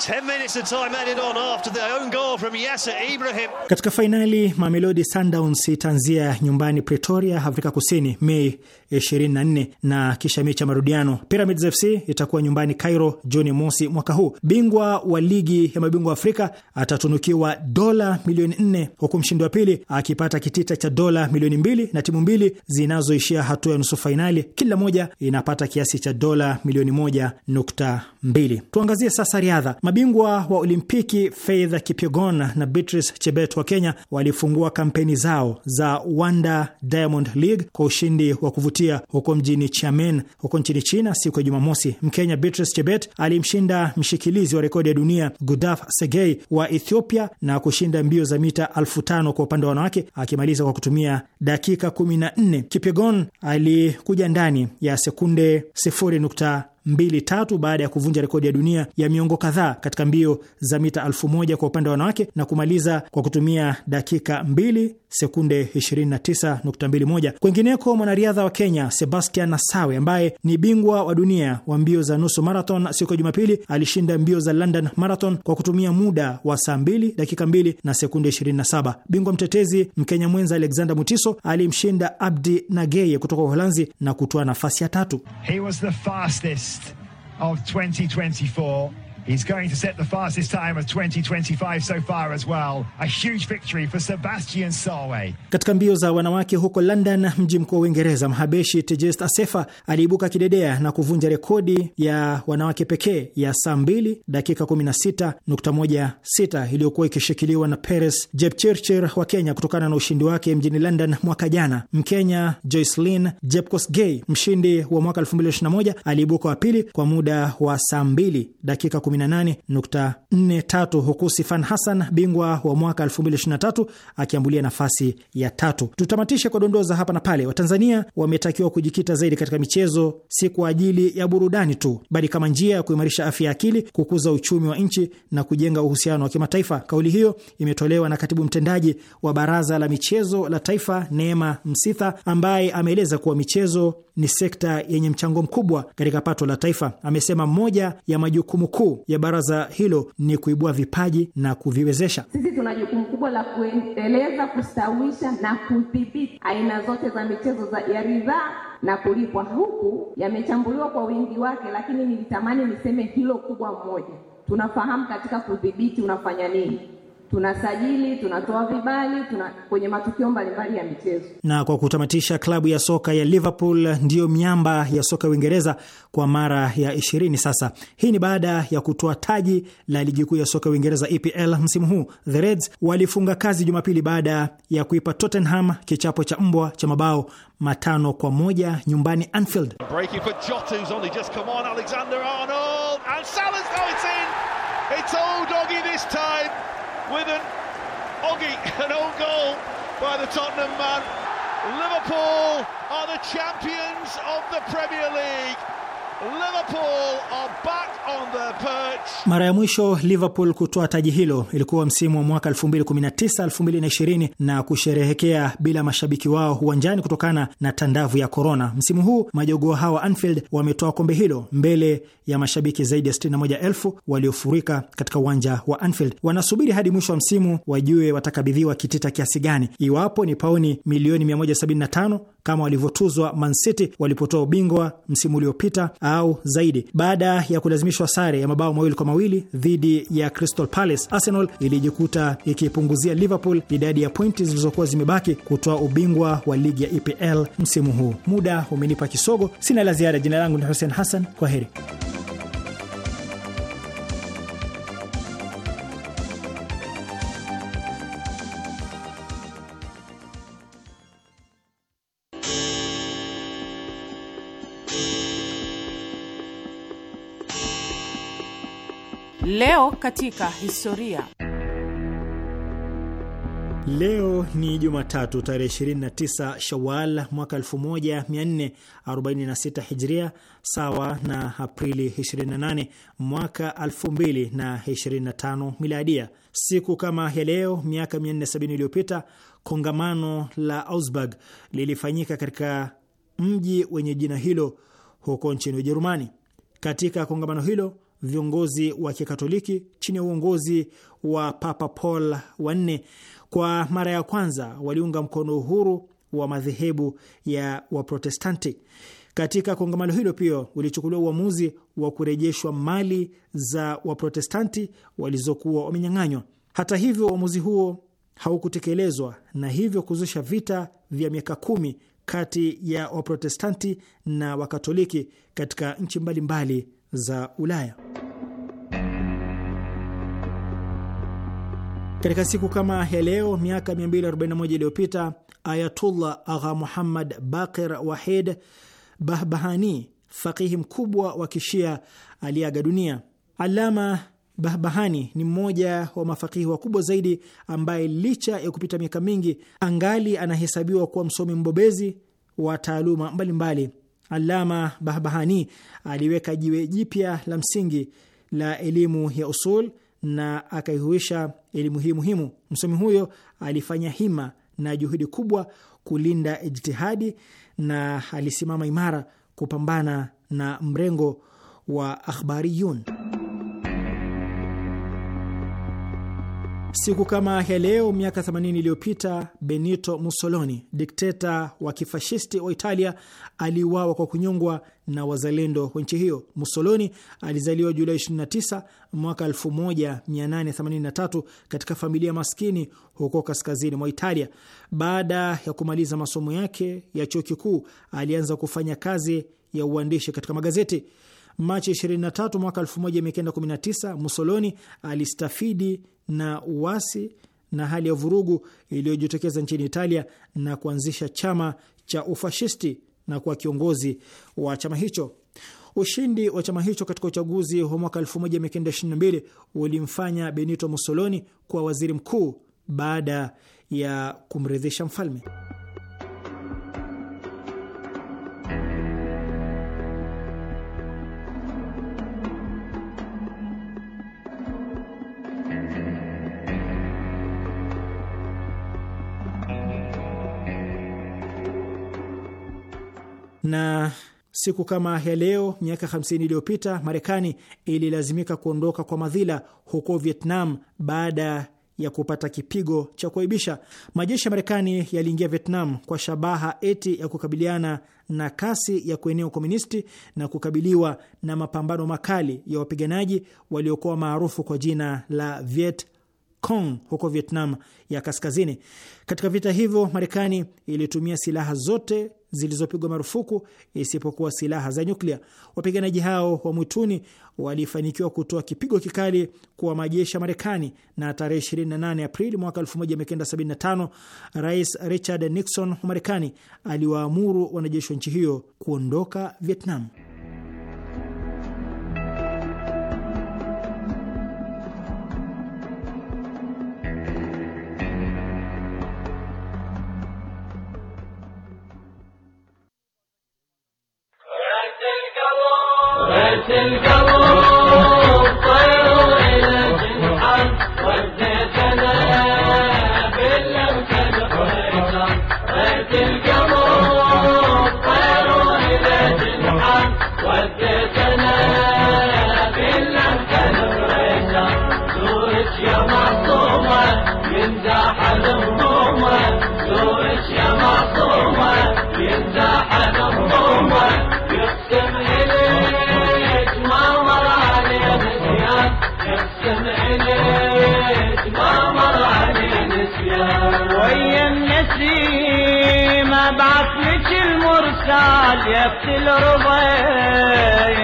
10 minutes of time added on after their own goal from Yasser Ibrahim. Katika fainali Mamelodi Sundowns itaanzia nyumbani Pretoria, Afrika Kusini, Mei 24 na kisha mechi ya marudiano Pyramids FC itakuwa nyumbani Cairo Juni mosi mwaka huu. Bingwa wa ligi ya mabingwa Afrika atatunukiwa dola milioni 4 huku mshindi wa pili akipata kitita cha dola milioni mbili na timu mbili zinazoishia hatua ya nusu fainali kila moja inapata kiasi cha dola milioni moja nukta mbili. Tuangazie sasa riadha. Mabingwa wa Olimpiki Faith Kipyegon na Beatrice Chebet wa Kenya walifungua kampeni zao za Wanda Diamond League kwa ushindi wa kuvutia kuvutia huko mjini Xiamen huko nchini China siku ya Jumamosi. Mkenya Beatrice Chebet alimshinda mshikilizi wa rekodi ya dunia Gudaf Segei wa Ethiopia na kushinda mbio za mita elfu tano kwa upande wa wanawake akimaliza kwa kutumia dakika 14. Kipyegon alikuja ndani ya sekunde 2 tatu baada ya kuvunja rekodi ya dunia ya miongo kadhaa katika mbio za mita moja kwa upande wa wanawake na kumaliza kwa kutumia dakika 2 sekunde 29.21. Kwengineko, mwanariadha wa Kenya Sebastian Nasawe ambaye ni bingwa wa dunia wa mbio za nusu marathon siku ya Jumapili alishinda mbio za London Marathon kwa kutumia muda wa saa 2 dakika 2 na sekunde 27. Bingwa mtetezi Mkenya mwenza Alexander Mutiso alimshinda Abdi Nageye kutoka Uholanzi na kutoa nafasi ya tatu. He was the fastest of 2024 He's going to set the fastest time of 2025 so far as well. A huge victory for Sebastian Solway. Katika mbio za wanawake huko London, mji mkuu wa Uingereza, Mhabeshi Tejest asefa aliibuka kidedea na kuvunja rekodi ya wanawake pekee ya saa 2 dakika 16.16 iliyokuwa ikishikiliwa na Peres Jepchirchir wa Kenya kutokana na ushindi wake mjini London mwaka jana. Mkenya Joycelyn gay mshindi wa mwaka 2021, aliibuka wa pili kwa muda wa saa 2 dakika 18.43 huku Sifan Hassan bingwa wa mwaka 2023 akiambulia nafasi ya tatu. tutamatishe kwa dondoza hapa na pale. Watanzania wametakiwa kujikita zaidi katika michezo, si kwa ajili ya burudani tu, bali kama njia ya kuimarisha afya ya akili, kukuza uchumi wa nchi na kujenga uhusiano wa kimataifa. Kauli hiyo imetolewa na katibu mtendaji wa Baraza la Michezo la Taifa, Neema Msitha, ambaye ameeleza kuwa michezo ni sekta yenye mchango mkubwa katika pato la taifa. Amesema moja ya majukumu kuu ya baraza hilo ni kuibua vipaji na kuviwezesha. Sisi tuna jukumu kubwa la kuendeleza, kustawisha na kudhibiti aina zote za michezo za ya ridhaa na kulipwa, huku yamechambuliwa kwa wingi wake, lakini nilitamani niseme hilo kubwa mmoja Tunafahamu katika kudhibiti unafanya nini tunasajili, tunatoa vibali tuna, kwenye matukio mbalimbali ya michezo. Na kwa kutamatisha, klabu ya soka ya Liverpool ndiyo miamba ya soka ya Uingereza kwa mara ya ishirini sasa. Hii ni baada ya kutoa taji la ligi kuu ya soka ya Uingereza EPL msimu huu. The Reds walifunga kazi Jumapili baada ya kuipa Tottenham kichapo cha mbwa cha mabao matano kwa moja nyumbani Anfield. with an Oggy, an own goal by the Tottenham man. Liverpool are the champions of the Premier League. Liverpool are back on the perch. Mara ya mwisho Liverpool kutoa taji hilo ilikuwa msimu wa mwaka 2019 2020, na kusherehekea bila mashabiki wao uwanjani kutokana na tandavu ya korona. Msimu huu majogoo hawa Anfield wametoa kombe hilo mbele ya mashabiki zaidi ya 61,000 waliofurika katika uwanja wa Anfield. Wanasubiri hadi mwisho wa msimu wajue watakabidhiwa kitita kiasi gani, iwapo ni pauni milioni 175 kama walivyotuzwa Man City walipotoa ubingwa msimu uliopita au zaidi. Baada ya kulazimishwa sare ya mabao mawili kwa mawili dhidi ya Crystal Palace, Arsenal ilijikuta ikipunguzia Liverpool idadi ya pointi zilizokuwa zimebaki kutoa ubingwa wa ligi ya EPL msimu huu. Muda umenipa kisogo, sina la ziada. Jina langu ni Hussein Hassan, kwa heri. Leo katika historia. Leo ni Jumatatu tarehe 29 Shawal mwaka 1446 Hijria, sawa na Aprili 28 mwaka 2025 Miladia. Siku kama ya leo miaka 470 iliyopita kongamano la Augsburg lilifanyika katika mji wenye jina hilo huko nchini Ujerumani. Katika kongamano hilo viongozi wa Kikatoliki chini ya uongozi wa Papa Paul wanne kwa mara ya kwanza waliunga mkono uhuru wa madhehebu ya Waprotestanti. Katika kongamano hilo pia ulichukuliwa uamuzi wa kurejeshwa mali za Waprotestanti walizokuwa wamenyang'anywa. Hata hivyo, uamuzi huo haukutekelezwa na hivyo kuzusha vita vya miaka kumi kati ya Waprotestanti na Wakatoliki katika nchi mbalimbali za Ulaya. Katika siku kama ya leo miaka 241 iliyopita Ayatullah Agha Muhammad Baqir Wahid Bahbahani, fakihi mkubwa wa Kishia, aliaga dunia. Alama Bahbahani ni mmoja wa mafakihi wakubwa zaidi ambaye licha ya kupita miaka mingi angali anahesabiwa kuwa msomi mbobezi wa taaluma mbalimbali Alama Bahbahani aliweka jiwe jipya la msingi la elimu ya usul na akaihuisha elimu hii muhimu. Msomi huyo alifanya hima na juhudi kubwa kulinda ijtihadi na alisimama imara kupambana na mrengo wa akhbariyun. Siku kama ya leo miaka 80 iliyopita Benito Mussolini, dikteta wa kifashisti wa Italia, aliuawa kwa kunyongwa na wazalendo wa nchi hiyo. Mussolini alizaliwa Julai 29 mwaka 1883 katika familia maskini huko kaskazini mwa Italia. Baada ya kumaliza masomo yake ya chuo kikuu, alianza kufanya kazi ya uandishi katika magazeti. Machi 23 mwaka 1919 Musoloni alistafidi na uasi na hali ya vurugu iliyojitokeza nchini Italia na kuanzisha chama cha ufashisti na kuwa kiongozi wa chama hicho. Ushindi wa chama hicho katika uchaguzi wa mwaka 1922 ulimfanya Benito Mussolini kuwa waziri mkuu baada ya kumridhisha mfalme. na siku kama ya leo miaka 50 iliyopita Marekani ililazimika kuondoka kwa madhila huko Vietnam baada ya kupata kipigo cha kuaibisha. Majeshi ya Marekani yaliingia Vietnam kwa shabaha eti ya kukabiliana na kasi ya kuenea ukomunisti na kukabiliwa na mapambano makali ya wapiganaji waliokuwa maarufu kwa jina la Viet Cong huko Vietnam ya kaskazini. Katika vita hivyo, Marekani ilitumia silaha zote zilizopigwa marufuku isipokuwa silaha za nyuklia. Wapiganaji hao wa mwituni walifanikiwa kutoa kipigo kikali kwa majeshi ya Marekani, na tarehe 28 Aprili mwaka 1975 Rais Richard Nixon wa Marekani aliwaamuru wanajeshi wa nchi hiyo kuondoka Vietnam. Dil go. الحال اختي الرضا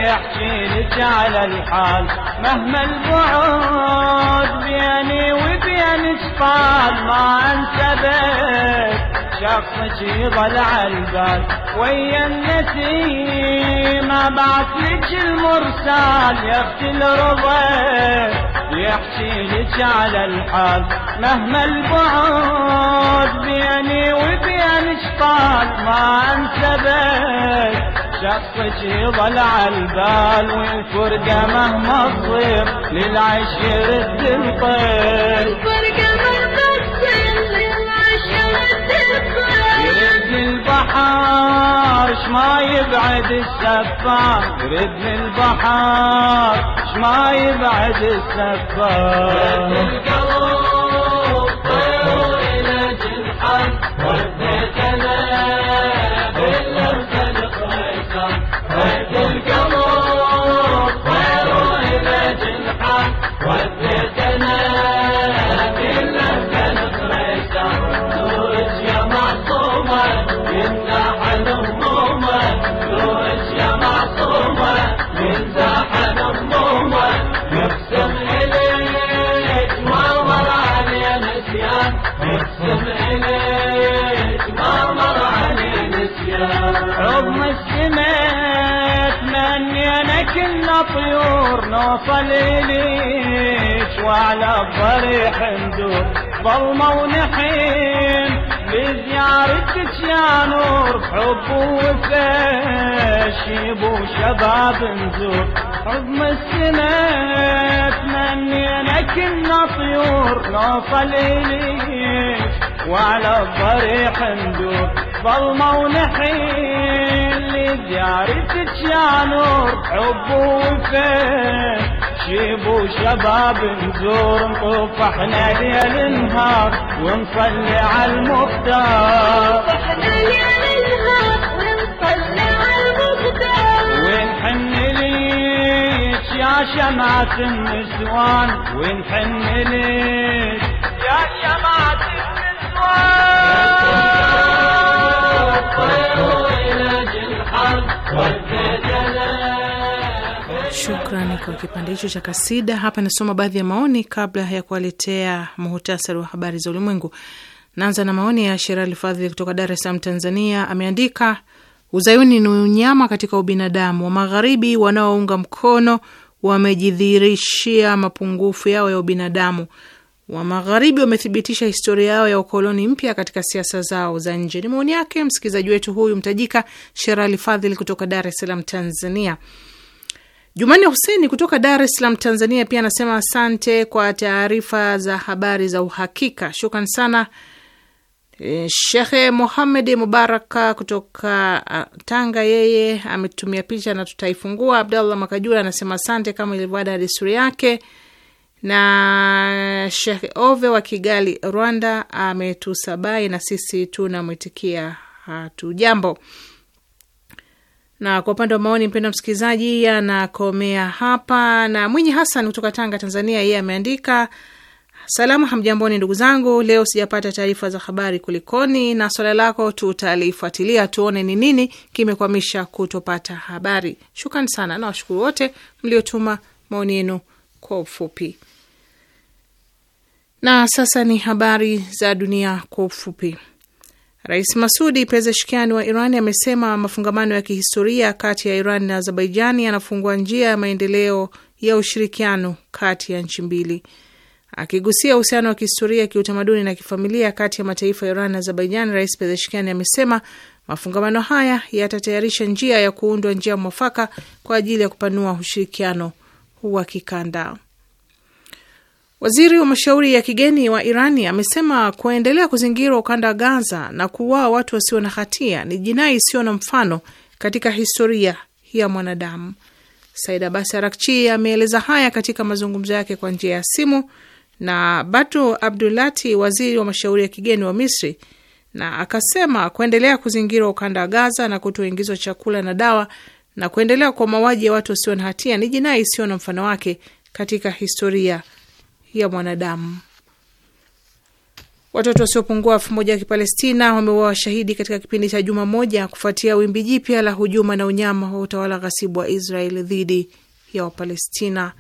يحكي لك على الحال مهما البعد بيني وبينك طال ما انسبك شخصك يضل على البال ويا النسيم ابعث لك المرسال يا اختي الرضا يحكي لك على الحال مهما البعد وياك ما انسبك شخصك يضل عالبال والفرقة مهما تصير للعيش يرد الطير الفرقة مهما تصير للعيش يرد الطير يرد البحر شما يبعد السفار يرد البحر شما يبعد السفار What will طيور نوصل إليك وعلى الضريح ندور ظلمة ونحين لزيارتك يا نور حب ووفا شيب وشباب نزور عظم السنة تمنينك كنا طيور نوصل إليك وعلى الضريح ندور ظلمة ونحين لزيارتك يا نور حب وفاء شيب وشباب نزور نطوف احنا ليل نهار ونصلي على المختار احنا ليل نهار ونصلي على المختار ونحن ليك يا شمعة النسوان ونحن ليك يا شمعة النسوان طيروا إلى الحرب Shukrani kwa kipande hicho cha kasida. Hapa nasoma baadhi ya maoni kabla ya kuwaletea muhutasari wa habari za ulimwengu. Naanza na maoni ya Sherali Fadhili kutoka Dar es Salaam, Tanzania. Ameandika, uzayuni ni unyama katika ubinadamu wa Magharibi. Wanaounga mkono wamejidhihirishia mapungufu yao ya ubinadamu. Wa Magharibi wamethibitisha historia yao ya ukoloni mpya katika siasa zao za nje. Ni maoni yake msikilizaji wetu huyu mtajika Sherali Fadhili kutoka Dar es Salaam, Tanzania. Jumani Huseni kutoka Dar es Salaam, Tanzania, pia anasema asante kwa taarifa za habari za uhakika, shukran sana. E, Shekhe Muhamed Mubaraka kutoka uh, Tanga, yeye ametumia picha na tutaifungua. Abdallah Makajura anasema asante kama ilivyo ada ya desturi yake, na Shekhe Ove wa Kigali, Rwanda ametusabai na sisi tunamwitikia hatu jambo na kwa upande wa maoni, mpendwa msikilizaji, yanakomea hapa. Na Mwinyi hasan kutoka Tanga, Tanzania, yeye ameandika Salamu hamjamboni, ndugu zangu. Leo sijapata taarifa za habari, kulikoni? Na swala lako tutalifuatilia tuone ni nini kimekwamisha kutopata habari. Shukrani sana na washukuru wote mliotuma maoni yenu kwa ufupi. Na sasa ni habari za dunia kwa ufupi. Rais Masudi Pezeshkian wa Iran amesema mafungamano ya kihistoria kati ya Iran na Azerbaijani yanafungua njia ya maendeleo ya ushirikiano kati ya nchi mbili. Akigusia uhusiano wa kihistoria, kiutamaduni na kifamilia kati ya mataifa ya Iran na Azerbaijan, Rais Pezeshkian amesema mafungamano haya yatatayarisha njia ya kuundwa njia mwafaka kwa ajili ya kupanua ushirikiano wa kikanda. Waziri wa mashauri ya kigeni wa Irani amesema kuendelea kuzingirwa ukanda wa Gaza na kuuawa watu wasio na hatia ni jinai isiyo na mfano katika historia ya mwanadamu. Said Abbas Arakchi ameeleza haya katika mazungumzo yake kwa njia ya simu na Batu Abdulati, waziri wa mashauri ya kigeni wa Misri, na akasema kuendelea kuzingirwa ukanda wa Gaza na kutoingizwa chakula na dawa na kuendelea kwa mauaji ya watu wasio na hatia ni jinai isiyo na mfano wake katika historia ya mwanadamu. Watoto wasiopungua elfu moja wa Kipalestina wameuawa washahidi katika kipindi cha juma moja kufuatia wimbi jipya la hujuma na unyama wa utawala ghasibu wa Israeli dhidi ya Wapalestina.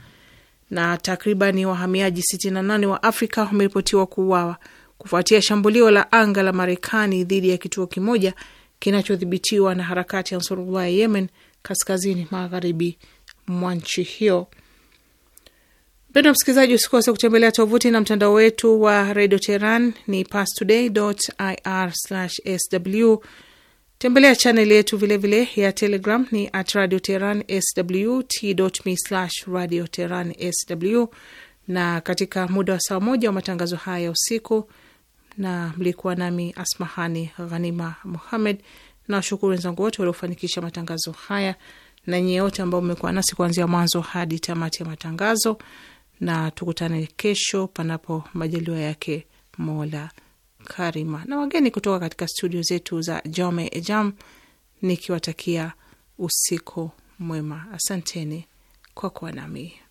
Na takribani wahamiaji 68 wa Afrika wameripotiwa kuuawa kufuatia shambulio la anga la Marekani dhidi ya kituo kimoja kinachodhibitiwa na harakati ya Ansarullah ya Yemen kaskazini magharibi mwa nchi hiyo. Mpendwa msikilizaji, usikose kutembelea tovuti na mtandao wetu wa redio Teheran ni pastoday.ir/sw. Tembelea chaneli yetu vilevile vile ya Telegram ni at radio teheran sw t.me radio teheran sw. Na katika muda wa saa moja wa matangazo haya ya usiku, na mlikuwa nami Asmahani Ghanima Muhammed. Nawashukuru wenzangu wote waliofanikisha matangazo haya na nyie wote ambao mmekuwa nasi kuanzia mwanzo hadi tamati ya matangazo na tukutane kesho, panapo majaliwa yake Mola Karima, na wageni kutoka katika studio zetu za Jome Jam, nikiwatakia usiku mwema. Asanteni kwa kuwa nami.